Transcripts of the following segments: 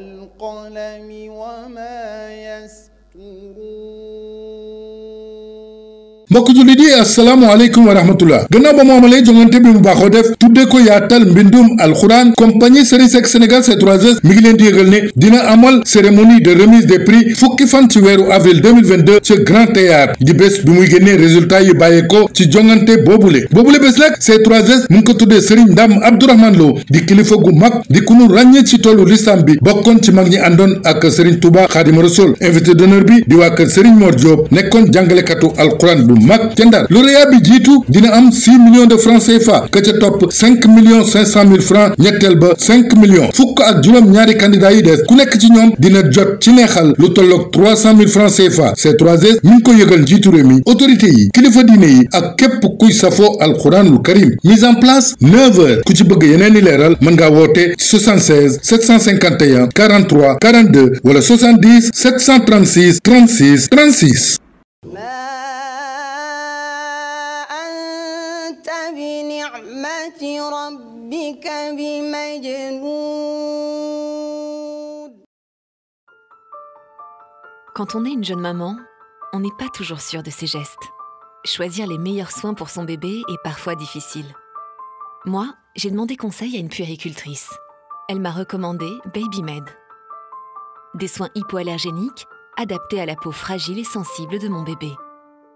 والقلم وما mbokk jullit yi asalaamaaleykum wa rahmatullah gannaaw ba mu amalee jongante bi mu baaxoo def tuddee ko yaatal mbindum alxuraan compagnie Serigne Seck Sénégal C3S mi ngi leen di yëgal ne dina amal cérémonie de remise des prix fukki fan ci weeru avril 2022 ci Grand Théâtre di bés bi muy génnee résultat yi bàyyeekoo ci jongante boobu boobule bés nag C3S mu ngi ko tuddee Serigne Ndam Abdourahmane Lo di kilifa gu mag di ku nu ràññee ci tollu lislam bi bokkoon ci mag ñi àndoon ak Serigne Touba Khadim Rasoul invité d'honneur bi di waa kër Serigne Mor Diop nekkoon jàngalekatu alxuraan bu mag ca Ndar lauréat bi jiitu dina am six millions de francs CFA ka ca topp cinq millions cinq mille francs ñetteel ba cinq millions fukk ak juróom-ñaari candidats yi des ku nekk ci ñoom dina jot ci neexal lu tolloog trois cent mille francs CFA C3S mi ko yëgal jiitu réew mi autorité yi kilifa diine yi ak képp kuy safoo alxuraanul karim mise en place neuf heures ku ci bëgg yeneen i leeral mën ngaa woote 76 751 43 42 wala 70 736 36 36. نعمة ربك بمجنون Quand on est une jeune maman, on n'est pas toujours sûr de ses gestes. Choisir les meilleurs soins pour son bébé est parfois difficile. Moi, j'ai demandé conseil à une puéricultrice. Elle m'a recommandé BabyMed. Des soins hypoallergéniques adaptés à la peau fragile et sensible de mon bébé.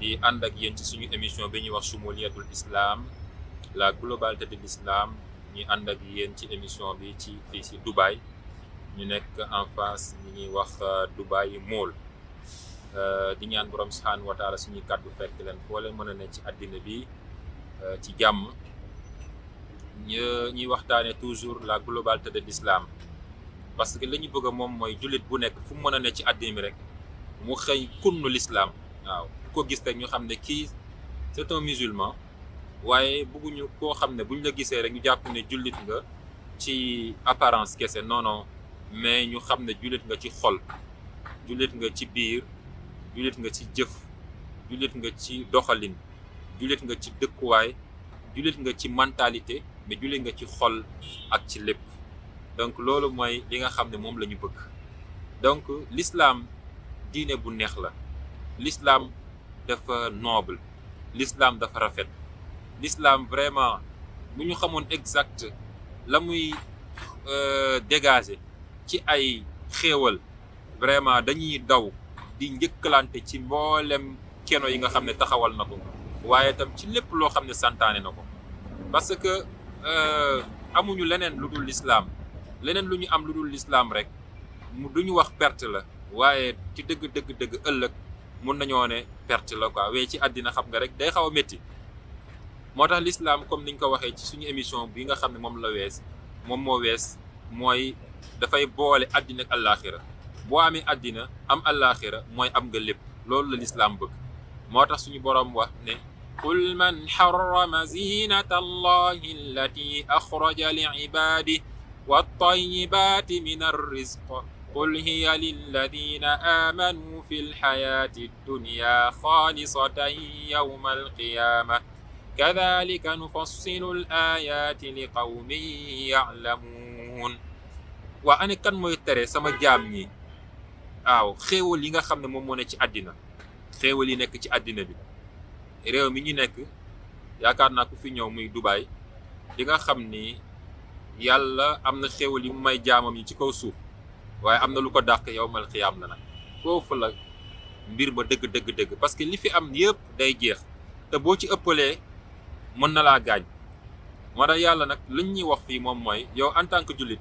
di ànd ak yéen ci suñu émission bi ñuy wax shumuliyatul islam la globalité de l'islam ñuy ànd ak yéen ci émission bi ci fii si Dubaï ñu nekk en face ñi ñuy wax euh, Dubaï Mall euh, di ñaan borom subhanahu wa taala suñuy kàddu fekk leen foo leen mën a ne ci àddina bi euh, ci jàmm ñu ñuy waxtaane toujours la globalité de l'islam parce que li ñu bëgg moom mooy jullit bu nekk fu mën a ne ci àddina bi rek mu xëy kunnu l'islam waaw ko gis rek ñu xam ne kii c'est un musulman waaye bëgguñu koo xam ne buñ la gisee rek ñu jàpp ne jullit nga ci apparence kese non mais ñu xam ne jullit nga ci xol jullit nga ci biir jullit nga ci jëf jullit nga ci doxalin jullit nga ci dëkkuwaay jullit nga ci mentalité mais jullit nga ci xol ak ci lépp donc loolu mooy li nga xam ne moom la ñu bëgg donc lislaam diine bu neex la lislaam dafa noble lislaam dafa rafet lislaam vraiment bu ñu xamoon exact la muy euh, dégager ci ay xéewal vraiment dañuy daw di njëkkalante ci mboolem keno yi nga xam ne taxawal na ko waaye itam ci lépp loo xam ne santaane na ko parce que euh, amuñu leneen lu dul lislaam leneen lu ñu am lu dul l'islam rek mu du ñu wax perte la waaye ci dëgg dëgg dëgg ëllëg mun nañoo ne perte la quoi ci àddina xam nga rek day xaw a métti moo tax l'islam comme niñ ko waxee ci suñu émission bi nga xam ne moom la wees moom moo wees mooy dafay boole àddina ak boo amee àddina am àllaaxira mooy am nga lépp loolu la lislaam bëgg moo tax suñu borom wax ne qul man xarama zinata allahi allati axraja li ibaadi wa tayibaati min ar قل هي للذين آمنوا في الحياة الدنيا خالصة يوم القيامة كذلك نفصل الآيات لقوم يعلمون waa ana kan mooy tere sama jaam ñi waaw xéewal yi nga xam ne moom moo ne ci àddina xéewal yi nekk ci àddina bi réew mi ñu nekk yaakaar naa ku fi ñëw muy Dubaay di nga xam ni yàlla am na xéewal yi mu may jaamam yi ci kaw suuf waaye am na lu ko dàq yow mal xiyaam la nag foofu la mbir ma dëgg dëgg dëgg parce que li fi am yëpp day jeex te boo ci ëppalee mën na laa gaañ moo tax yàlla nag luñ ñuy wax fii moom mooy yow en tant que jullit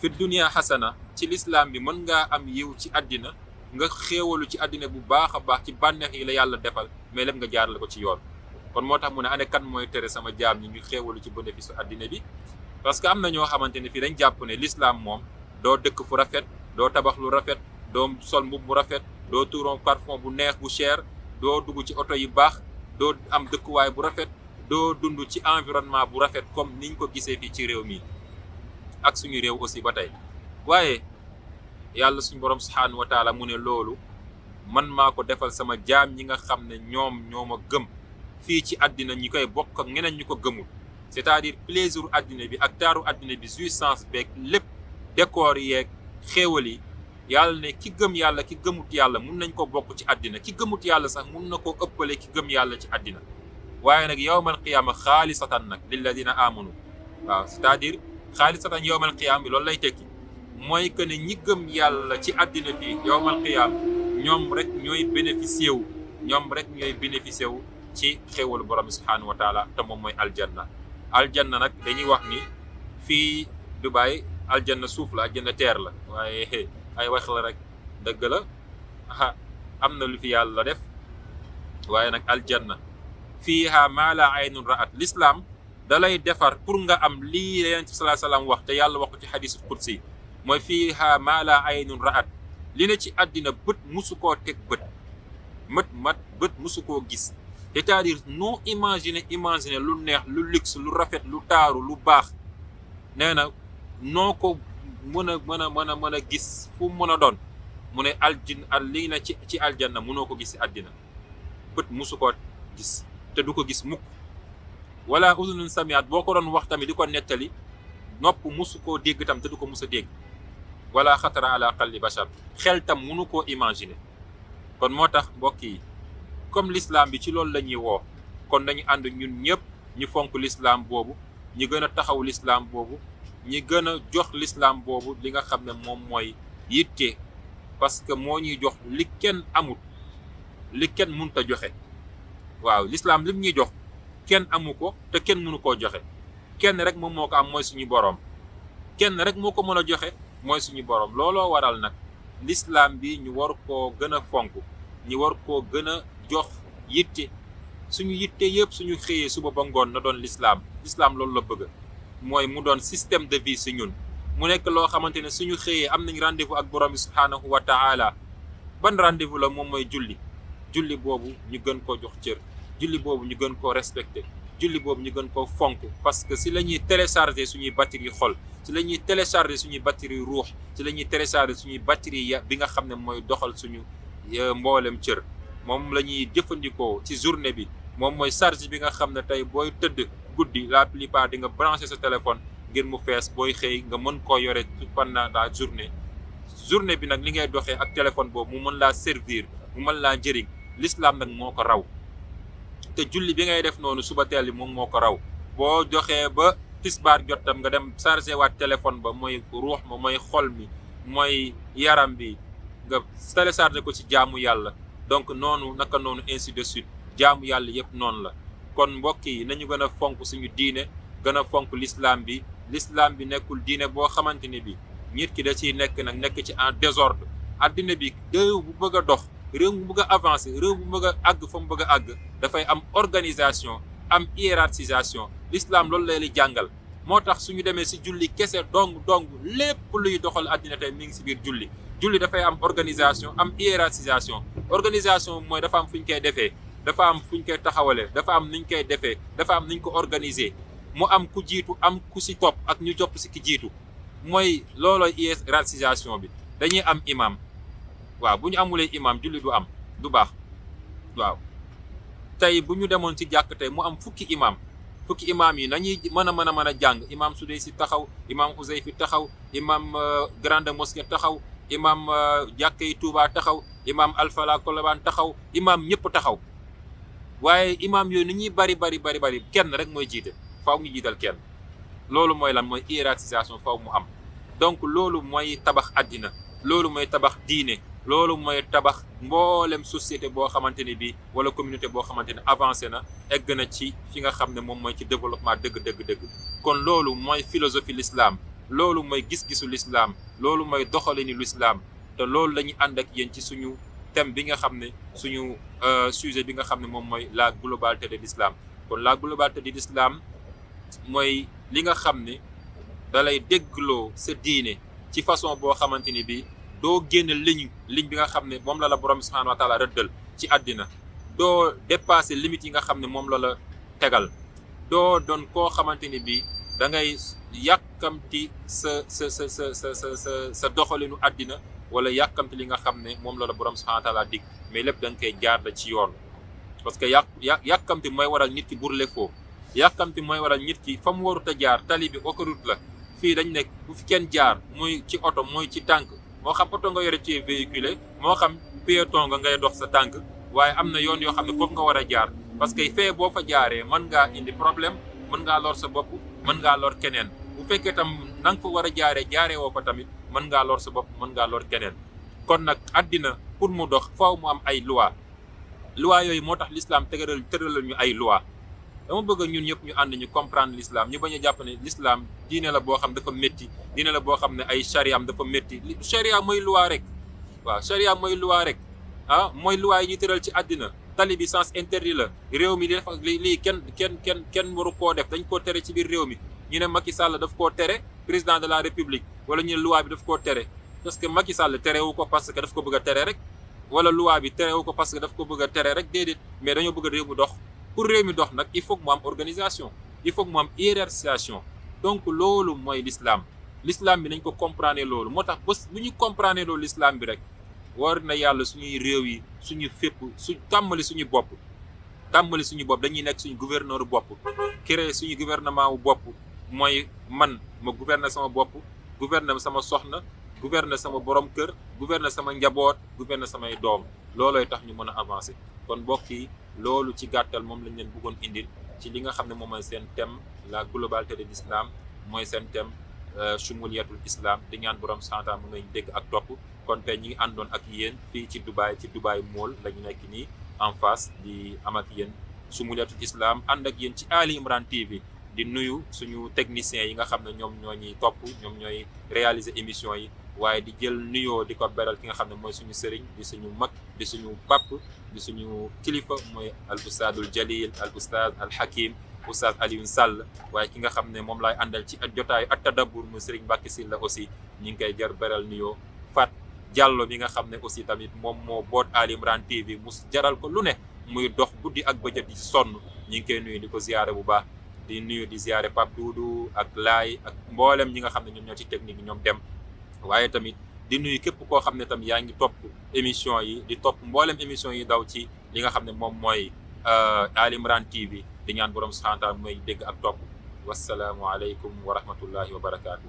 fi dunia xasana ci lislaam bi mën ngaa am yiw ci àddina nga xéewalu ci àddina bu baax a baax ci bànneex yi la yàlla defal mais lépp nga jaarale ko ci yoon kon moo tax mu ne ane kan mooy tere sama jaam ñi ngi xéewalu ci bénéfice àddina bi parce que am na ñoo xamante ne fii dañ jàpp lislaam moom doo dëkk fu rafet doo tabax lu rafet doo sol mbub bu rafet doo tuuroon parfum bu neex bu cher doo dugg ci oto yi baax doo am dëkkuwaay bu rafet doo dund ci environnement bu rafet comme niñ ko gisee fii ci réew mi ak suñu réew aussi ba tey waaye yàlla suñu borom subhaanahu wa mu ne loolu man maa ko defal sama jaam ñi nga xam ne ñoom ñoo ma gëm fii ci àddina ñi koy bokk ak ñeneen ñu ko gëmul c'est-à-dire plaisir àddina bi ak taaru àddina bi jouissance beeg lépp décor yeeg xéewal yi yàlla ne ki gëm yàlla ki gëmut yàlla mun nañ ko bokk ci àddina ki yàlla sax mun na ko ëppale ki gëm yàlla ci àddina waaye nag yowmal qiyaama xaalisatan nag lilladina amanu waaw c'est-à-dire xaalisatan yowmal qiyaam bi loolu lay tekki mooy que ne ñi gëm yàlla ci àddina bi yowmal qiyaam ñoom rek ñooy bénéficié ñoom rek ñooy bénéficié ci xéwalu borom bi subhaanahu wa taala te moom mooy aljanna aljanna nag dañuy wax ni fii Dubaay aljanna suuf la aljanna teer la waaye ay wax la rek dëgg la ah am na lu fi yàlla def waaye nag aljanna fiiha maa laa aynun ra'at l'islam da lay defar pour nga am li yonent bi sallallahu alayhi wax te yàlla wax ko ci xadiisul qudsi mooy fiiha maa laa aynun ra'at li ne ci àddina bët musu koo teg bët mët mat bët musu koo gis c'est-à-dire non imaginer lu neex lu luxe lu rafet lu taaru lu baax nee na noo ko mën a mën a mën a mën a gis fu mën a doon mu ne aljin al lii na ci ci aljanna mënoo ko gis si àddina bët musu ko gis te du ko gis mukk wala uzunun samiat boo ko doon wax tamit di ko nettali nopp musu koo dégg tam te du ko mus a dégg wala xatara ala qalbi bashar xel tam mënu koo imaginer kon moo tax mbokk yi comme l'islam bi ci loolu la ñuy woo kon nañu ànd ñun ñëpp ñu fonk l'islam boobu ñu gën a taxaw l'islam boobu ñi gën a jox l'islam boobu li nga xam ne moom mooy yitte parce que moo ñuy jox li kenn amut li kenn mënut joxe waaw l'islam lim ñuy jox kenn amu ko te kenn mënu ko joxe kenn rek moom moo ko am mooy suñu boroom kenn rek moo ko mën a joxe mooy suñu boroom looloo waral nag lislaam bi ñu war koo gën a fonk ñi war koo gën a jox yitte suñu yitte yëpp suñu xëyee suba ba ngoon na doon lislaam l'islam loolu la bëgg mooy mu doon système de vie si ñun mu nekk loo xamante ne suñu xëyee am nañu rendez-vous ak borom bi subhaanahu wa taala ban rendez la moom mooy julli julli boobu ñu gën koo jox cër julli boobu ñu gën koo respecté julli boobu ñu gën koo fonk parce que si la ñuy télécharger suñuy batterie xol si la ñuy télécharger suñuy batterie ruux si la ñuy télécharger suñuy batterie bi nga xam ne mooy doxal suñu euh, mbooleem cër moom la ñuy jëfandikoo ci journée bi moom mooy charge bi nga xam ne tey booy tëdd guddi la plupart di nga branché sa téléphone ngir mu fees booy xëy nga mën koo yore naa la journée journée bi nag li ngay doxee ak téléphone boobu mu mën laa servir mu mën laa njëriñ l'islam nag moo ko raw te julli bi ngay def noonu suba teel bi moom moo ko raw boo joxee ba tisbaar jot tam nga dem chargé waat téléphone ba mooy ruux ma mooy xol mi mooy yaram bi nga téléchargé ko ci jaamu yàlla donc noonu naka noonu ainsi de suite jaamu yàlla yëpp noonu la kon mbokk yi nañu gën a fonk suñu diine gën a fonk lislaam bi lislaam bi nekkul diine boo xamante ne bi nit ki de ciy nekk nag nekk ci en désordre addina bi réew bu bëgg a dox réew bu bëgg a avancer réew bu bëgg àgg fa mu bëgg àgg dafay am organisation am hiérarchisation l'islam loolu lay jàngal moo tax suñu demee si julli kese dong dong lépp luy doxal addina tey mi ngi si biir julli julli dafay am organisation am hiérarchisation organisation mooy dafa fu ñu koy defee dafa am fu ñu koy taxawalee dafa am niñ koy defee dafa am niñ ko organiser mu am ku jiitu am ku si pop ak ñu topp si ki jiitu mooy loolooy hiérarchisation bi dañuy am imam waaw bu ñu amulee imam julli du am du baax waaw tey bu ñu demoon ci jàkk tey mu am fukki imam fukki imaam yi nañuy mën a mën a mën a jàng imaam Sudaysi taxaw imaam Xuzayfi taxaw imaam euh, Grande Mosquée taxaw imaam euh, jàkka yi Tuubaa taxaw imaam Alfala Kolobaan taxaw imaam ñëpp taxaw waaye imaam yooyu ni ñuy bari bari bari bari kenn rek mooy jiite faaw ñu jiital kenn loolu mooy lan mooy hiérarchisation faaw mu am donc loolu mooy tabax àddina loolu mooy tabax diine loolu mooy tabax mboolem société boo xamante ni bii wala communauté boo xamante ne avancé na egg na ci fi nga xam ne moom mooy ci développement dëgg dëgg kon loolu mooy philosophie lislaam loolu mooy gis-gisu lislaam loolu mooy doxalinu lislaam te loolu la ñuy ànd ak yéen ci suñu thème bi nga xam ne suñu euh, sujet bi nga xam ne moom mooy la globalité de l'islam kon la globalité de l'islam mooy li nga xam ne dalay déggloo sa diine ci façon boo xamante ni bi doo génn ligne ligne bi nga xam ne moom la la borom subhanahu wa taala rëddal ci àddina doo dépasser limites yi nga xam ne moom la la tegal doo doon koo xamante ni bi da ngay yàkkamti sa sa sa sa sa sa sa doxalinu àddina wala yàkkamti li nga xam ne moom la la borom sa wa taala dig mais lépp danga nga koy jaar da ci yoon parce que yàq yàkkamti mooy waral nit ki burle foo yàkkamti mooy waral nit ki fa mu warut a jaar tali bi autoroute la fii dañ nekk bu fi kenn jaar mooy ci oto mooy ci tànk moo xam oto nga yore ci véhiculé moo xam piéton nga ngay dox sa tànk waaye am na yoon yoo xam ne foofu nga war a jaar parce que fee boo fa jaaree mën ngaa indi problème mën ngaa lor sa bopp mën ngaa lor keneen bu fekkee tam na nga war a jaaree jaaree woo fa tamit mën ngaa loor sa bopp mën ngaa loor keneen kon nag àddina pour mu dox faaw mu am ay loi loi yooyu moo tax l'islam tëgëral tëralal ñu ay loi dama bëgg ñun ñëpp ñu ànd ñu comprendre lislaam ñu bañ a jàpp ne l'islam diine la boo xam dafa métti diine la boo xam ne ay charia dafa métti charia mooy loi rek waaw charia mooy loi rek ah mooy loi yi ñu tëral ci àddina tali bi sens interdit la réew mi di def ak lii kenn kenn kenn kenn waru koo def dañ koo tere ci biir réew mi ñu ne Macky Sall daf koo tere président de la république wala ñu ne loi bi daf koo tere parce que Macky Sall terewu ko parce que daf ko bëgg a tere rek wala loi bi terewu ko parce que daf ko bëgg a tere rek déedéet mais dañoo bëgg réew mu dox pour mi dox nag il faut que mu am organisation il faut que mu am hiérarchisation donc loolu mooy lislaam lislaam bi nañ ko comprendre loolu moo tax bés bu ñu comprendre loolu l'islam bi rek war na yàlla suñuy réew yi suñu fépp su tàmmali suñu bopp tàmmali suñu bopp dañuy nekk suñu gouverneur bopp suñu gouvernement wu bopp mooy man ma gouverner sama bopp gouverner sama soxna gouverner sama borom kër gouverner sama njaboot gouverner samay doom loolooy tax ñu mën a avancer kon mbokk yi loolu ci gàttal moom lañ leen bëggoon indil ci li nga xam ne moom mooy seen thème la globalité de l'islam mooy seen thème euh, chumuliyatul islaam di ñaan borom santam mu ngañ dégg ak topp kon tey ñi ngi àndoon ak yéen fii ci Dubaay ci Dubaay Mall la ñu nekk nii en face di am ak yéen chumuliyatul islam ànd ak yéen ci Ali Imran di nuyu suñu techniciens yi nga xam ne ñoom ñoo ñuy topp ñoom ñooy réaliser émission yi waaye di jël nuyoo di ko beral ki nga xam ne mooy suñu sëriñ di suñu mag di suñu papp di suñu kilifa mooy al ustaadul jalil al ustaad al hakim Oustaz Alioune Sall waaye ki nga xam ne moom laay àndal ci ak jotaayu ak tadabbur mu Serigne Mbacké Sylla aussi ñu ngi koy jar beral nuyoo Fat Diallo mi nga xam ne aussi tamit moom moo boot Ali Imran TV mu jaral ko lu ne muy dox guddi ak bëjët yi sonn ñu ngi koy di ko ziyaare bu baax di nuyu di ziare Pape Doudou ak Laay ak mboolem ñi nga xam ne ñoom ñoo ci technique bi ñoom dem waaye tamit di nuyu képp koo xam ne tam yaa ngi topp émission yi di topp mboolem émission yi daw ci li nga xam ne moom mooy euh, Ali Imran TV di ñaan borom subhanahu wa taala mooy dégg ak topp wasalaamualeykum wa rahmatullahi wa barakaatu.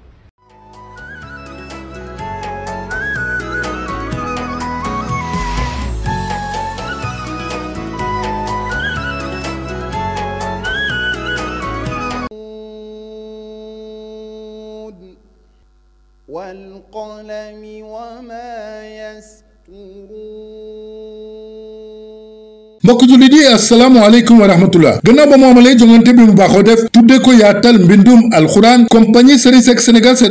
والقلم وما يسطرون mbokk jullit yi asalaamaaleykum wa rahmatullah gannaaw ba mu amalee jongante bi mu baaxoo def tuddee ko yaatal mbindum alxuraan compagnie Serigne Seck Sénégal c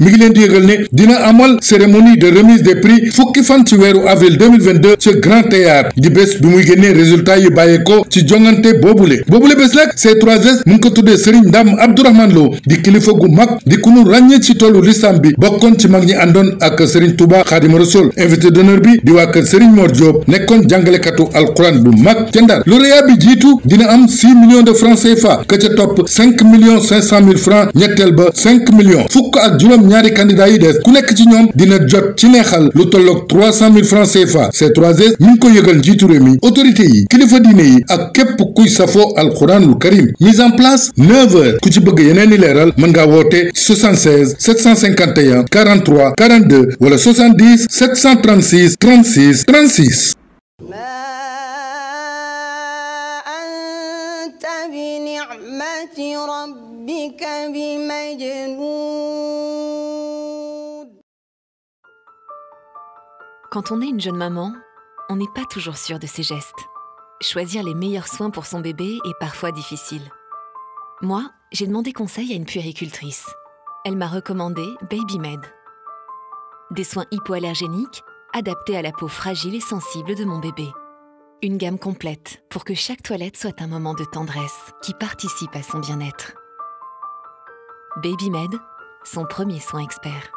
mi ngi leen di yëgal ne dina amal cérémonie de remise des prix fukki fan ci weeru avril 2022 ci Grand Théâtre di bés bi muy génnee résultat yi bàyyeeko ci jongante boobule boobule bés nag C3S mu ngi ko tuddee Serigne Ndam Abdourahmane Lo di kilifa gu mag di ku nu ràññee ci tollu lislam bi bokkoon ci mag ñi àndoon ak Serigne Touba Khadim Rassoul invité d'honneur bi di waa kër Serigne Mor nekkoon jàngalekatu alxuraan bu mag ca Ndar lauréat bi jiitu dina am six millions de francs CFA ka ca topp cinq millions cinq mille francs ñetteel ba cinq millions fukk ak juróom-ñaari candidats yi des ku nekk ci ñoom dina jot ci neexal lu tolloog trois cent mille francs CFA c s ñu ngi ko yëgal njiitu réew mi autorité yi kilifa diine yi ak képp kuy safoo alquranul karim mise en place neuf ku ci bëgg yeneen i leeral mën ngaa woote 76 751 43 42 wala 70 736 36 36. بِرَبِّكَ بِمَجْنُونٍ Quand on est une jeune maman, on n'est pas toujours sûr de ses gestes. Choisir les meilleurs soins pour son bébé est parfois difficile. Moi, j'ai demandé conseil à une puéricultrice. Elle m'a recommandé BabyMed. Des soins hypoallergéniques adaptés à la peau fragile et sensible de mon bébé. Une gamme complète pour que chaque toilette soit un moment de tendresse qui participe à son bien-être. BabyMed, son premier soin expert.